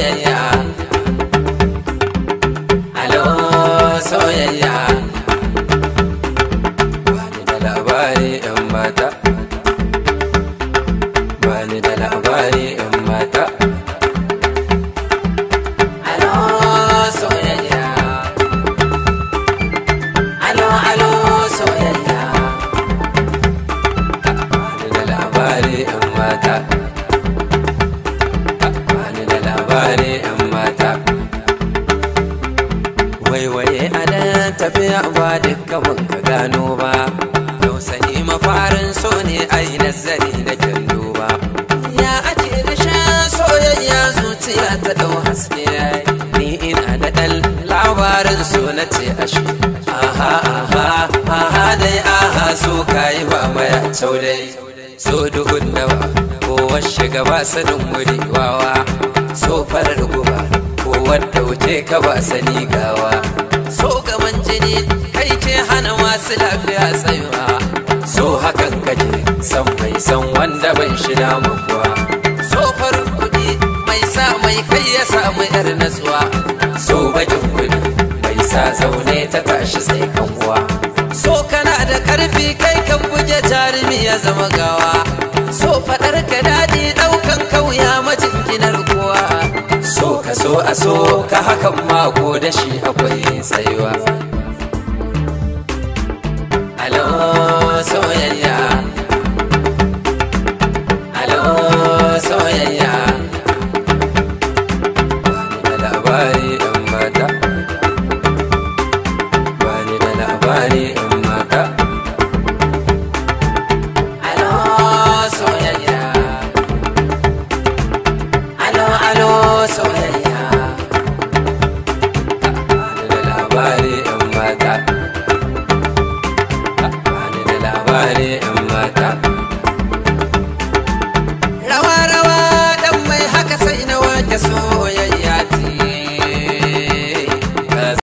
yeah. labari yan mata bani da labari yan mata alo soyayya alo alo soyayya bani da labari yan mata bani da labari yan waiwaye a tafiya ba dukkan ka gano ba ai nazari na kin duba ya ake na sha soyayya zuciya ta ɗau haske ni ina da dal labarin so na ce ashe aha aha aha dai aha so ka yi, ba maya caudai so duhun nawa? kowar shiga ba sanin wuri wawa so farar guba kowar da wuce ka ba sani gawa so gaban jini kai ce hana masu lafiya tsayuwa hakan kake san mai san wanda ban shi damu kuwa so kuɗi mai sa mai kai ya samu yar natsuwa so bakin kuɗi mai sa zaune ta tashi sai kan so kana da karfi kai kan buge jarumi ya zama gawa so faɗar ka daɗi ɗaukan kauya majinginar kuwa. so ka so a so ka hakan mako da shi akwai tsayuwa